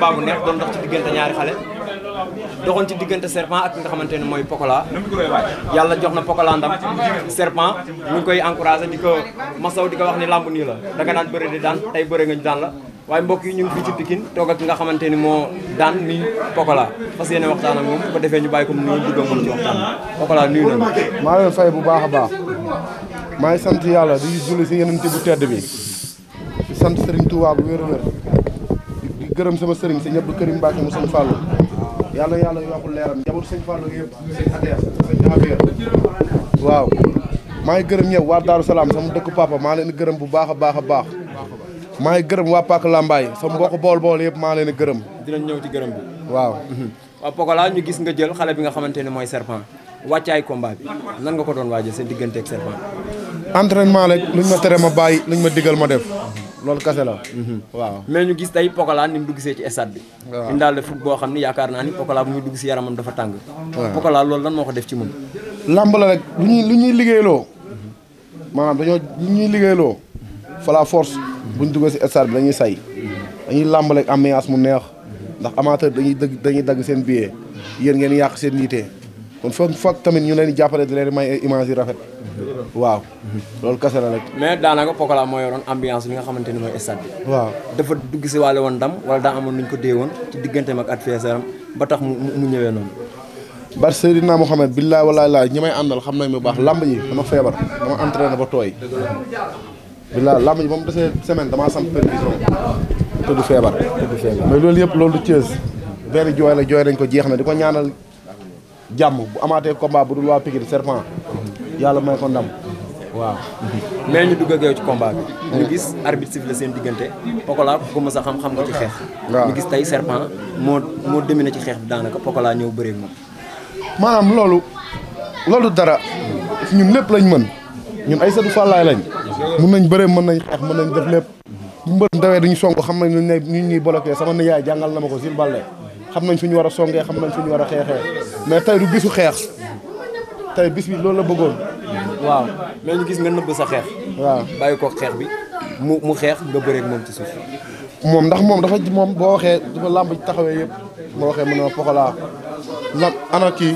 combat bu neex doon dox ci diggante ñaari xale doxoon ci diggante serpent ak nga xamante ne mooy Pokola yàlla jox na Pokola ndam serpent ñu ngi koy encouragé di ko masaw di ko wax ni làmb nii la da nga daan bëre daan tey bëre nga ñu daan la waaye mbokk yi ñu ngi ci Pikine toog ak nga xamante ni moo daan mi Pokola fas yéene waxtaan ak moom bu defee ñu bàyyi ko mu nuyu dugg moom ci waxtaan Pokola nuyu na maa leen fay bu baax a baax maa ngi sant yàlla di julli si yeneen bu tedd bi di sant gërëm sama sëriñ sëñ Abdou Karim Mbacke mu sëñ Fallou yàlla yàlla yokk leeram njabootu sëñ Fallou yëpp sëñ Atex sëñ Afia waaw maa ngi gërëm ñëpp waa Daaru Salaam sama dëkk papa maa leen gërëm bu baax a baax a baax maa ngi gërëm waa Pàkk Lambaay sama mbokk bool bool yëpp maa leen gërëm dinañ ñëw ci gërëm bi waaw waaw Pokola ñu gis nga jël xale bi nga xamante ne mooy serpent wàccaay combat bi nan nga ko doon waajal seen digganteeg serpent entraînement rek luñ ma tere ma bàyyi luñ ma digal ma def loolu kase la mhm. waaw mais ñu gis tey Pokola ni mu dugg see ci stade bi waaw daal de foot boo yaakaar naa ni Pokola bu muy dugg si dafa tàng Pokola loolu lan moo ko def ci moom làmb rek lu ñuy lu ñuy liggéeyloo dañoo ñuy liggéeyloo fala force buñ duggee si stade bi dañuy say dañuy làmb rek ambiance mu neex ndax amateur dañuy dëgg dañuy dagg seen billet yéen ngeen yàq seen yitte kon foog foog tamit ñu leen di jàppale di leen may ay images rafet. waaw. loolu kese la rek. mais daanaka Pokola moo yoroon ambiance bi nga xamante ni mooy stade bi. waaw dafa dugg si waale woon ndam wala daa amoon nu ñu ko dee woon ci digganteem ak adversaire am ba tax mu mu ñëwee noonu. Bar Seydina Mohamed billaay walaay laay ñi may àndal xam nañ bu baax lamb ji dama feebar dama entraîné ba tooy. billaay lamb ji ba mu desee semaine damaa sant perfusion. te du feebar. te du loolu yëpp loolu du Thiès. ko jeex na di ko jàmm bu amaatee combat bu dul waa Pikine serpent yàlla may ko ndam waaw. mais ñu dugg ak yow ci combat bi. ñu gis arbitre sifflé seen diggante. Pokola ku ma a xam xam nga ci xeex. waaw gis tey serpent moo moo dominé ci xeex bi daanaka Pokola ñëw bëree moom. maanaam loolu loolu dara ñun lépp lañ mën ñun ay sëtu fàllaay lañ. mun nañ bëree mën nañ xeex mën nañ def lépp. bu mbër ndawee dañu song xam nañ ñu ñuy bloqué sama yaay jàngal na ma ko si Balde. xam nañ fu ñu war a songee xam nañ ñu war a xeexee mais tey du bisu xeex tey bis bi loolu la bëggoon waaw mais ñu gis nga nëbb sa xeex waaw bàyyi ko xeex bi mu mu xeex nga bëreeg moom ci suuf moom ndax moom dafa moom boo waxee dafa làmb taxawee yëpp moo waxee mu ne ma Pokola la ana kii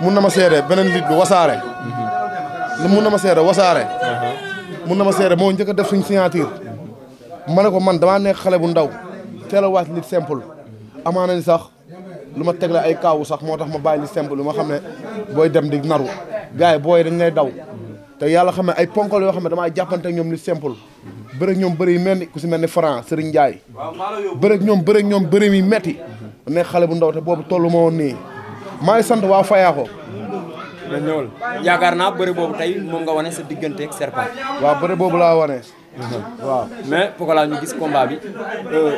mun na ma seere beneen lit bi wasaare mhm. mun na ma seere wasaare uh-huh. mun na ma seere moo njëkk a def suñ signature ma ne ko man damaa ne xale bu ndaw teel a waat lit simple amaana ni sax lu ma tegle ay kaawu sax moo tax ma bàyyi li simple lu ma xam ne booy dem di naru gars yi booy dañ lay daw te yàlla xam ne ay ponkal yoo xam ne damaa jàppante ñoom li sempul bëreeg ñoom bëri yu mel ni ku si mel ni Franc Serigne Ndiaye bëreeg ñoom bëreeg ñoom bëri yu metti nekk xale bu ndaw te boobu tollu ma woon nii maa ngi sant waa Fayaako da ñëwal yaakaar naa bëri boobu tey nga wane sa diggante ak Serpa waaw bëri boobu laa wane waaw mais Pokola ñu gis combat bi euh,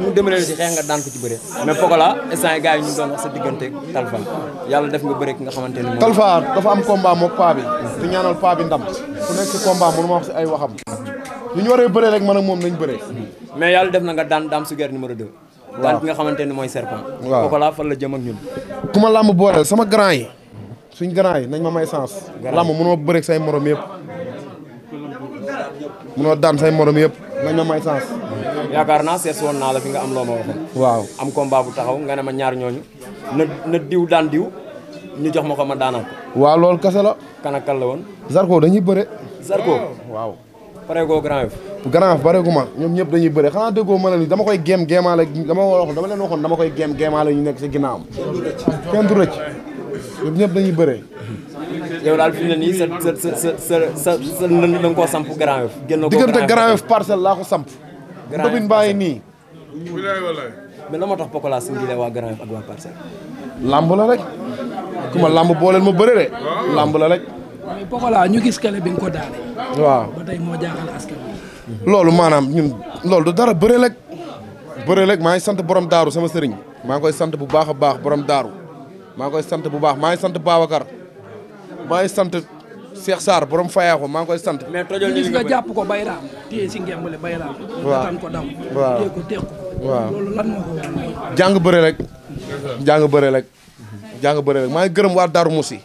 mu demale la ci xeex nga daan ko ci bëre mais Pokola instant gars yi ñu doon sa diggante Talfa yàlla def nga bëre ki nga xamante ne moom. Talfa dafa am combat moog paa bi. di ñaanal paa bi ndam. ku nekk ci combat mënu ñu ñu waree bëree rek man ak moom nañ bëree. mais yàlla def na nga daan daam sugeer numéro 2. waaw daan ki nga xamante ni mooy serpent. waaw Pokola fan la jëm ak ñun. ku ma làmb boole sama grand yi. suñ grand yi nañ ma may sens. làmb mënoo bëre ak say morom yëpp. munoo daan say morom yëpp nañ ma may chance. yaakaar naa seet woon naa la fi nga am loo ma waxoon. waaw am combat bu taxaw nga ne ma ñaar ñooñu na na diw daan diw ñu jox ma ko ma daanal waaw loolu kese la. kan la woon. Zarko dañuy bëre. Zarko waaw. pareegoo Grand Yoff. Grand Yoff pareegu ma ñoom ñëpp dañuy bëre xanaa déggoo ma ne dama koy gém gémaale dama waxoon dama leen waxoon dama koy gém gémaale ñu nekk si ginnaawam. kenn du rëcc ñoom ñëpp dañuy bëre. yow daal fi mu ne nii sa sa sa sa sa sa na nga koo samp Grand Yoff. génn ko diggante Grand Yoff parcelle ko samp. Grand Yoff bobin baa ngi nii. mais tax Pokola singilee waa Grand Yoff ak waa parcelle. lamb la rek. ku ma lamb booleel ma bëre de. lamb la rek. ñu gis kale bi nga ko waaw ba loolu maanaam ñun loolu du dara bëre rek. bëre rek maa ngi sant borom daaru sama sëriñ maa ngi koy sant bu baax a baax borom daaru maa ngi koy sant bu baax maa ngi sant Babacar. maa ngi sant Cheikh Sarr borom fayako maa ngi koy sant. mais tojol gis nga jàpp ko bayra ko daw. waaw téye ko teeku rek. jàng bëre rek. jàng bëre rek maa ngi gërëm waa Darou Moussi.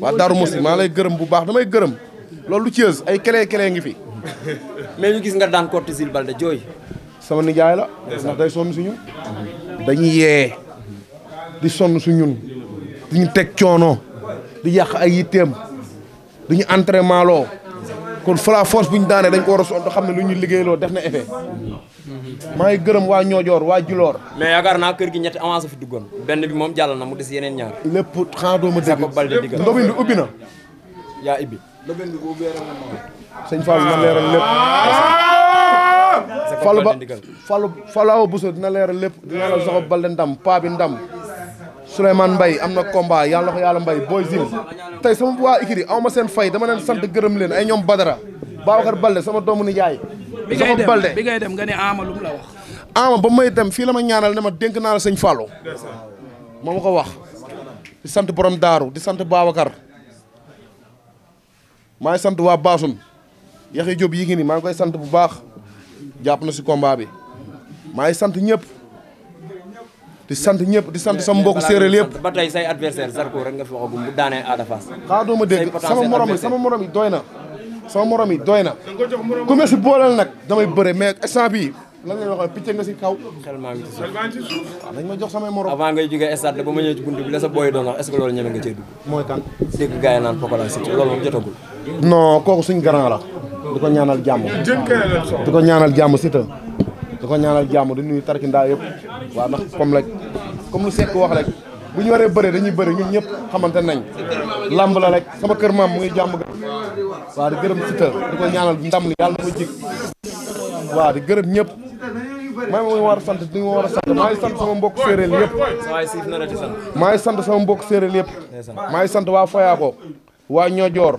waa Darou maa lay gërëm bu baax damay gërëm. loolu lu ci yës ay kelee kelee ngi fi. mais ñu gis nga daan cortisil balde jooy. sama nijaay la. ndax day sonn si ñun. dañuy yee. di sonn si ñun. di ñu teg coono. di yàq ay yitteem duñu entraînement loo kon Fala foos bu ñu daanee dañ ko war a xam ne lu ñu liggéeyloo def na effet maa ngi gërëm waa Ñoojoor waa Juloor mais yaakaar naa kër gi ñetti avance fi duggoon benn bi moom jàll na mu des yeneen ñaar lépp xanaa doo ma dégg ndobin bi ubbi na yaa ibbi ndobin bi bu ubbee sëñ Fall na leeral lépp Fallu ba Fallu Falaawa Bousso dina leeral lépp dina la Soxna Baldé ndam paa bi Souleymane mbay am na combat yàlla ko yàlla mbay Boy Zil tey sama waa Ikiri aw ma seen fay dama leen sant gërëm leen ay ñoom Badara Babacar Balde sama doomu nijaay. bi ngay dem bi ngay dem nga ni Ama lu mu la wax. Ama ba may dem fii la ma ñaanal ne ma dénk naa la sëñ Fallou moo ma ko wax di sant borom daaru di sant Babacar maa ngi sant waa Baasun Yaxya Diop yi ngi nii maa ngi koy sant bu baax jàpp na si kombaa bi maa ngi sant ñëpp. di sant ñëpp di sant sama mbokk séeréer yëpp ba tey say adversaire Zarko rek nga fi waxagum bu daanee Ada xaa dooma dégg sama morom yi doy na ku ma si booleel nag ma jox samay morom avant ngay jógee sa booy doon wax est loolu ñeme nga cee di ko ñaanal jàmm di ko ñaanal jàmm si ta di ko ñaanal jàmm di nuyu tarki ndaa yëpp waaw ndax comme la comme lu Seck wax rek bu ñu waree bëre dañuy bëri ñun ñëpp xamante nañ làmb la rek sama kër maam mu ngi jàmm ga waaw di gërëm si ko ñaanal ndam ni yàlla na jig waaw di gërëm ñëpp maa ngi war sant di ma war a sant maa sant sama mbokk séeréel yëpp maa ngi sant sama mbokk séeréel yëpp maa ngi sant waa Fayaako waa Ñoojoor